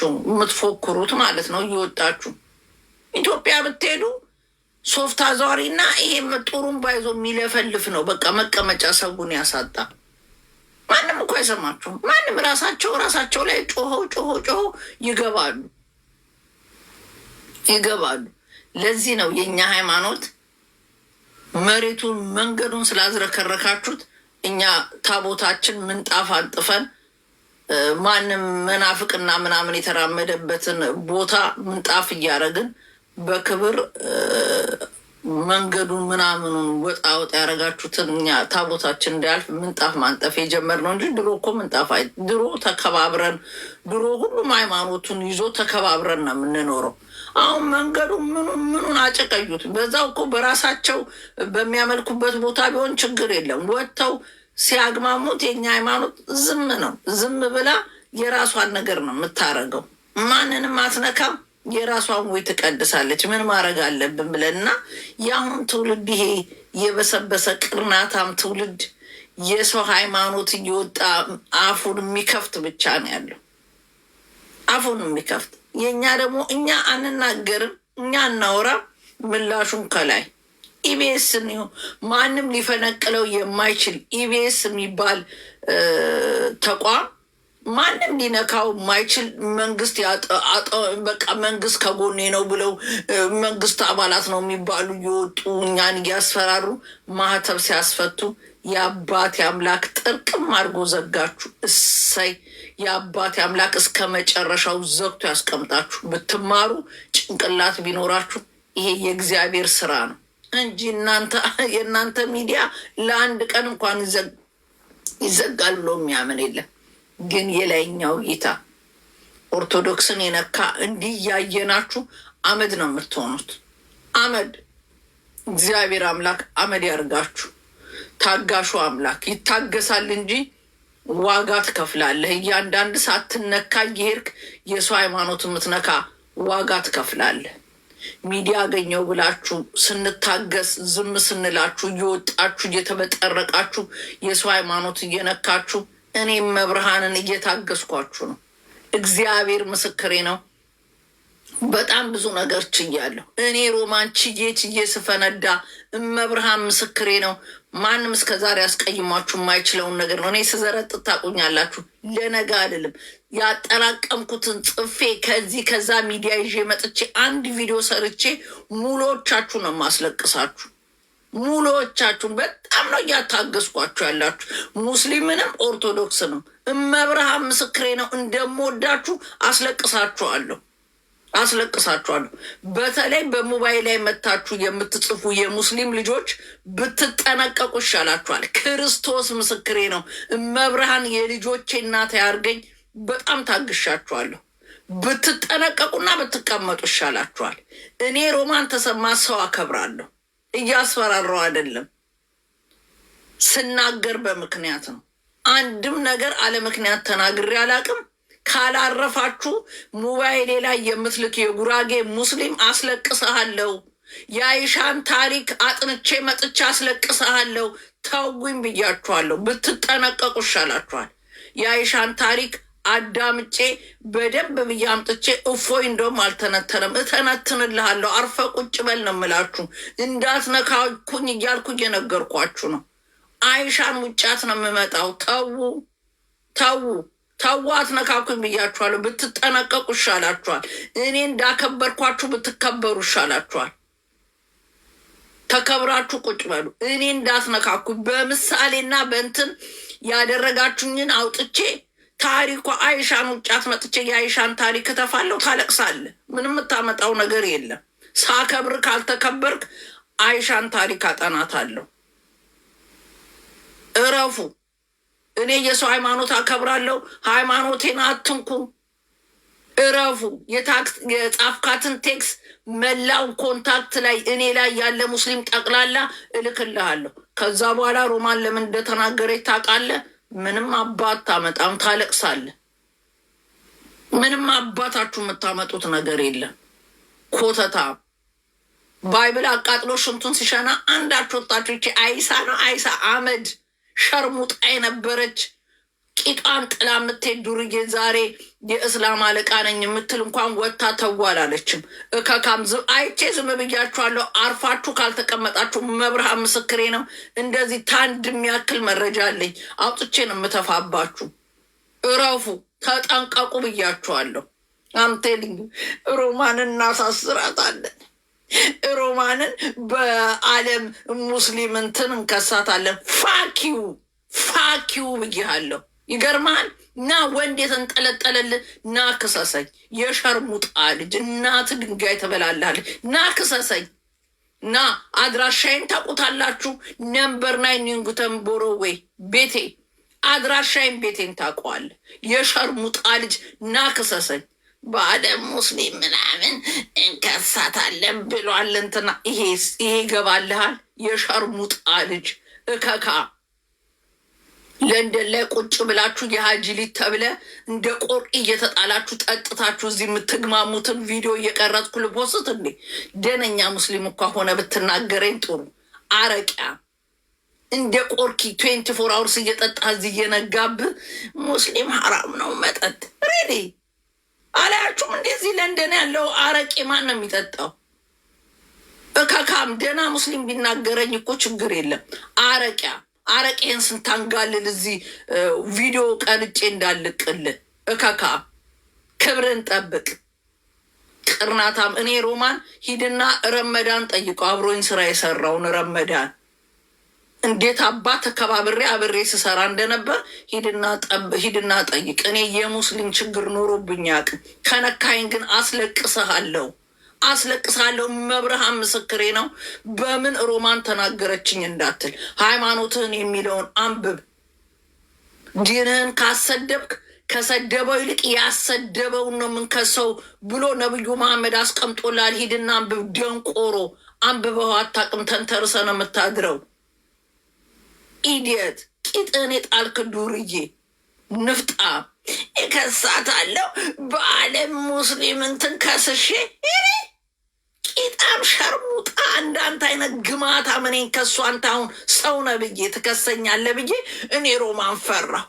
ናችሁ የምትፎክሩት ማለት ነው። እየወጣችሁ ኢትዮጵያ ብትሄዱ ሶፍት አዟሪ እና ይሄም ጥሩም ይዞ የሚለፈልፍ ነው። በቃ መቀመጫ ሰውን ያሳጣ። ማንም እኮ አይሰማችሁም። ማንም ራሳቸው ራሳቸው ላይ ጮኸው ጮኸው ጮኸው ይገባሉ ይገባሉ። ለዚህ ነው የእኛ ሃይማኖት መሬቱን መንገዱን ስላዝረከረካችሁት እኛ ታቦታችን ምንጣፍ አንጥፈን ማንም መናፍቅና ምናምን የተራመደበትን ቦታ ምንጣፍ እያደረግን በክብር መንገዱን ምናምኑን ወጣ ወጥ ያደረጋችሁትን እኛ ታቦታችን እንዳያልፍ ምንጣፍ ማንጠፍ የጀመርነው እንጂ ድሮ እኮ ምንጣፍ ድሮ ተከባብረን ድሮ ሁሉም ሃይማኖቱን ይዞ ተከባብረን ነው የምንኖረው። አሁን መንገዱ ምኑን ምኑን አጨቀዩት። በዛው እኮ በራሳቸው በሚያመልኩበት ቦታ ቢሆን ችግር የለም ወጥተው ሲያግማሙት የኛ ሃይማኖት ዝም ነው። ዝም ብላ የራሷን ነገር ነው የምታረገው። ማንንም አትነካም። የራሷን ወይ ትቀድሳለች። ምን ማድረግ አለብን ብለንና የአሁን ትውልድ ይሄ የበሰበሰ ቅርናታም ትውልድ የሰው ሃይማኖት እየወጣ አፉን የሚከፍት ብቻ ነው ያለው፣ አፉን የሚከፍት የእኛ ደግሞ እኛ አንናገርም፣ እኛ አናወራም፣ ምላሹን ከላይ ኢቢኤስን ማንም ሊፈነቅለው የማይችል ኢቢኤስ የሚባል ተቋም ማንም ሊነካው የማይችል መንግስት በቃ መንግስት ከጎኔ ነው ብለው መንግስት አባላት ነው የሚባሉ እየወጡ እኛን እያስፈራሩ ማህተብ ሲያስፈቱ የአባቴ አምላክ ጥርቅም አድርጎ ዘጋችሁ። እሰይ የአባት አምላክ እስከ መጨረሻው ዘግቶ ያስቀምጣችሁ። ብትማሩ ጭንቅላት ቢኖራችሁ ይሄ የእግዚአብሔር ስራ ነው። እንጂ እናንተ የእናንተ ሚዲያ ለአንድ ቀን እንኳን ይዘጋል ብሎ የሚያምን የለም። ግን የላይኛው እይታ ኦርቶዶክስን የነካ እንዲህ እያየናችሁ አመድ ነው የምትሆኑት። አመድ እግዚአብሔር አምላክ አመድ ያርጋችሁ። ታጋሹ አምላክ ይታገሳል እንጂ ዋጋ ትከፍላለህ። እያንዳንድ ሳትነካ እየሄድክ የሰው ሃይማኖት የምትነካ ዋጋ ትከፍላለህ። ሚዲያ አገኘው ብላችሁ ስንታገስ ዝም ስንላችሁ እየወጣችሁ እየተበጠረቃችሁ የሰው ሃይማኖት እየነካችሁ እኔም መብርሃንን እየታገስኳችሁ ነው። እግዚአብሔር ምስክሬ ነው። በጣም ብዙ ነገር ችያለሁ። እኔ ሮማን ችዬ ችዬ ስፈነዳ እመብርሃን ምስክሬ ነው። ማንም ዛሬ ያስቀይማችሁ የማይችለውን ነገር ነው። እኔ ስዘረጥ ታቁኛላችሁ። ለነገ አይደለም ያጠራቀምኩትን ጽፌ ከዚህ ከዛ ሚዲያ ይዤ መጥቼ አንድ ቪዲዮ ሰርቼ ሙሎቻችሁ ነው የማስለቅሳችሁ። ሙሎቻችሁን በጣም ነው እያታገስኳችሁ ያላችሁ፣ ሙስሊምንም ኦርቶዶክስንም። እመብርሃን ምስክሬ ነው እንደምወዳችሁ አስለቅሳችኋለሁ። አስለቅሳችኋለሁ። በተለይ በሞባይል ላይ መታችሁ የምትጽፉ የሙስሊም ልጆች ብትጠነቀቁ ይሻላችኋል። ክርስቶስ ምስክሬ ነው። እመብርሃን የልጆቼ እናት ያርገኝ። በጣም ታግሻችኋለሁ። ብትጠነቀቁና ብትቀመጡ ይሻላችኋል። እኔ ሮማን ተሰማ ሰው አከብራለሁ። እያስፈራራው አይደለም፣ ስናገር በምክንያት ነው። አንድም ነገር አለ ምክንያት ተናግሬ አላቅም። ካላረፋችሁ ሞባይሌ ላይ የምትልክ የጉራጌ ሙስሊም አስለቅሰሃለሁ፣ የአይሻን ታሪክ አጥንቼ መጥቼ አስለቅሰሃለሁ፣ ተውኝ ብያችኋለሁ። ብትጠነቀቁ ይሻላችኋል። የአይሻን ታሪክ አዳምጬ በደንብ ብዬ አምጥቼ እፎይ እንደውም አልተነተነም፣ እተነትንልሃለሁ። አርፈ ቁጭ በል ነው የምላችሁ። እንዳትነካኩኝ እያልኩ እየነገርኳችሁ ነው። አይሻን ውጫት ነው የምመጣው። ተዉ ተዉ። ተዋት ነካኩኝ ብያችኋለሁ። ብትጠነቀቁ ይሻላችኋል። እኔ እንዳከበርኳችሁ ብትከበሩ ይሻላችኋል። ተከብራችሁ ቁጭ በሉ። እኔ እንዳትነካኩ በምሳሌና በእንትን ያደረጋችሁኝን አውጥቼ ታሪኳ አይሻን ውጫት መጥቼ የአይሻን ታሪክ እተፋለሁ። ታለቅሳለህ። ምንም የምታመጣው ነገር የለም። ሳከብር ካልተከበርክ አይሻን ታሪክ አጠናታለሁ። እረፉ። እኔ የሰው ሃይማኖት አከብራለሁ። ሃይማኖቴን አትንኩ፣ እረፉ። የጻፍካትን ቴክስ መላው ኮንታክት ላይ እኔ ላይ ያለ ሙስሊም ጠቅላላ እልክልሃለሁ። ከዛ በኋላ ሮማን ለምን እንደተናገረ ታውቃለህ? ምንም አባት ታመጣም፣ ታለቅሳለህ። ምንም አባታችሁ የምታመጡት ነገር የለም። ኮተታ ባይብል አቃጥሎ ሽንቱን ሲሸና አንዳችሁ ወጣችሁ ይቺ አይሳ ነው አይሳ አመድ ሸርሙጣ የነበረች ቂጧን ጥላ የምትሄድ ዱርዬ ዛሬ የእስላም አለቃ ነኝ የምትል እንኳን ወታ ተዋላለችም እከካም አይቼ ዝም ብያችኋለሁ። አርፋችሁ ካልተቀመጣችሁ መብርሃን ምስክሬ ነው። እንደዚህ ታንድ የሚያክል መረጃ አለኝ አውጥቼ ነው የምተፋባችሁ። እረፉ፣ ተጠንቀቁ ብያችኋለሁ። አምቴልኝ ሮማን እናሳስራታለን። ሮማንን በዓለም ሙስሊም እንትን እንከሳታለን። ፋኪው ፋኪው ብያለሁ። ይገርማል። ና ወንድ የተንጠለጠለልን ና ክሰሰኝ። የሸርሙጣ ልጅ እናት ድንጋይ ተበላላለች። ና ክሰሰኝ። ና አድራሻዬን ታውቁታላችሁ። ነምበር ናይን ኒንጉተን ቦሮዌ ቤቴ አድራሻዬን ቤቴን ታውቀዋለህ። የሸርሙጣ ልጅ ና ክሰሰኝ። በአለም ሙስሊም ምናምን እንከሳታለን ብሏል እንትና። ይሄ ይገባልሃል? የሸርሙጣ ልጅ እከካ ለንደን ላይ ቁጭ ብላችሁ የሀጂ ሊት ተብለ እንደ ቆር እየተጣላችሁ ጠጥታችሁ እዚህ የምትግማሙትን ቪዲዮ እየቀረጽኩ ልቦስት እንዴ? ደነኛ ሙስሊም እኳ ሆነ ብትናገረኝ ጥሩ። አረቂያ እንደ ቆርኪ ትዌንቲ ፎር አውርስ እየጠጣ እዚህ እየነጋብ ሙስሊም ሀራም ነው መጠጥ ሬዴ አላያችሁም? እንደዚህ ለንደን ያለው አረቄ ማን ነው የሚጠጣው? እከካም ደህና ሙስሊም ቢናገረኝ እኮ ችግር የለም። አረቂያ አረቄን ስንታንጋልል እዚህ ቪዲዮ ቀርጬ እንዳልቅል እከካ ክብርን ጠብቅ። ቅርናታም እኔ ሮማን ሂድና ረመዳን ጠይቀው አብሮኝ ስራ የሰራውን ረመዳን እንዴት አባ ተከባብሬ አብሬ ስሰራ እንደነበር ሂድና ጠይቅ። እኔ የሙስሊም ችግር ኖሮብኝ አቅም ከነካይን ግን አለው አስለቅሳለሁ መብርሃን ምስክሬ ነው። በምን ሮማን ተናገረችኝ እንዳትል ሃይማኖትህን የሚለውን አንብብ። ዲንህን ካሰደብክ ከሰደበው ይልቅ ያሰደበውን ነው የምንከሰው ብሎ ነብዩ መሐመድ አስቀምጦላል። ሂድና አንብብ። ደንቆሮ አንብበው አታቅም። ተንተርሰ ነው የምታድረው። ኢዲየት ቂጥን የጣልክ ዱርዬ ንፍጣ የከሳት አለው በዓለም ሙስሊም እንትን ከስሼ ቂጣም ሸርሙጣ እንዳንተ አይነት ግማታ ምኔን ከሱ አንተ አሁን ሰው ነህ ብዬ ትከሰኛለህ ብዬ እኔ ሮማን ፈራሁ።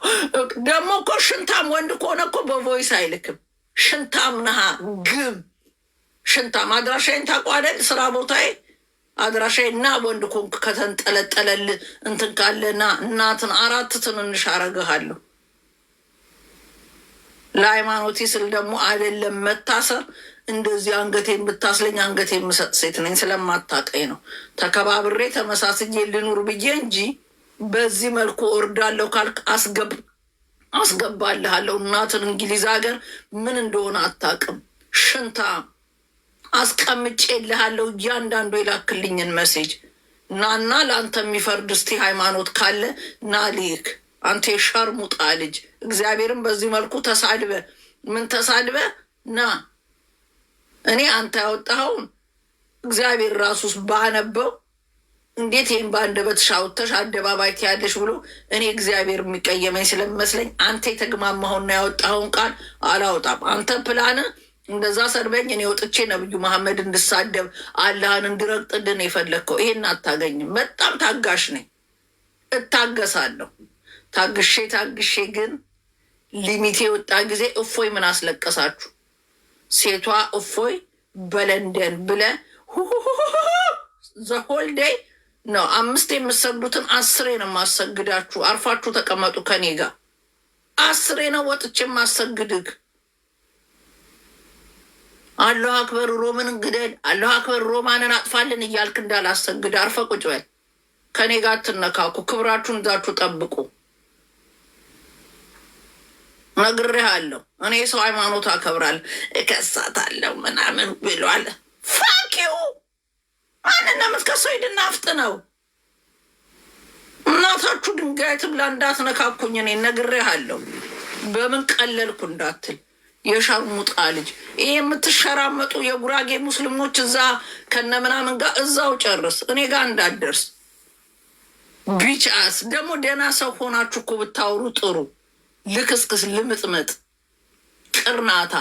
ደግሞ እኮ ሽንታም ወንድ ከሆነ እኮ በቮይስ አይልክም። ሽንታም ነሃ ግም ሽንታም አድራሻይን ታቋደል ስራ ቦታዬ አድራሻ እና ወንድ ኮንክ ከተንጠለጠለል እንትን ካለና እናትን አራት ትንንሽ አረግሃለሁ። ለሃይማኖቴ ስል ደግሞ አይደለም መታሰር፣ እንደዚህ አንገቴ የምታስለኝ አንገቴ የምሰጥ ሴት ነኝ። ስለማታቀኝ ነው ተከባብሬ ተመሳስዬ ልኑር ብዬ እንጂ በዚህ መልኩ እወርዳለሁ ካልክ አስገብ አስገባልሃለሁ። እናትን እንግሊዝ ሀገር ምን እንደሆነ አታውቅም ሽንታ አስቀምጬልሃለሁ እያንዳንዱ የላክልኝን መሴጅ ናና ለአንተ የሚፈርድ እስቲ ሃይማኖት ካለ ናሊክ አንተ የሸርሙጣ ልጅ እግዚአብሔርን በዚህ መልኩ ተሳድበ ምን ተሳድበ ና እኔ አንተ ያወጣኸውን እግዚአብሔር ራሱስ ባነበው እንዴት ይህም በአንድ በተሻውተሽ አደባባይ ትያለሽ ብሎ እኔ እግዚአብሔር የሚቀየመኝ ስለሚመስለኝ አንተ የተግማማሁና ያወጣኸውን ቃል አላወጣም። አንተ ፕላነ እንደዛ ሰርበኝ እኔ ወጥቼ ነብዩ መሐመድ እንድሳደብ አላህን እንድረግጥልን የፈለግከው ይሄን አታገኝም። በጣም ታጋሽ ነኝ፣ እታገሳለሁ። ታግሼ ታግሼ ግን ሊሚቴ የወጣ ጊዜ እፎይ ምን አስለቀሳችሁ ሴቷ እፎይ በለንደን ብለ ዘሆል ነው አምስት የምሰግዱትን አስሬ ነው ማሰግዳችሁ። አርፋችሁ ተቀመጡ ከኔ ጋር አስሬ ነው ወጥቼ ማሰግድግ አላሁ አክበር ሮምን እንግደል፣ አላሁ አክበር ሮማንን አጥፋልን እያልክ እንዳላሰግድ አርፈ ቁጭ በል። ከኔ ጋር አትነካኩ፣ ክብራችሁን እዛችሁ ጠብቁ። ነግሬሃለሁ። እኔ ሰው ሃይማኖት አከብራለሁ እከሳታለሁ ምናምን ብሏል። ፋኪው ማንን ነው የምትከሰው? ሂድና ነው እናታችሁ ድንጋይ ትብላ። እንዳትነካኩኝ እኔ ነግሬሃለሁ። በምን ቀለልኩ እንዳትል የሸርሙጣ ልጅ ይህ የምትሸራመጡ የጉራጌ ሙስሊሞች እዛ ከነ ምናምን ጋር እዛው ጨርስ፣ እኔ ጋር እንዳደርስ ቢጫስ ደግሞ ደህና ሰው ሆናችሁ እኮ ብታወሩ ጥሩ። ልክስክስ ልምጥምጥ ቅርናታ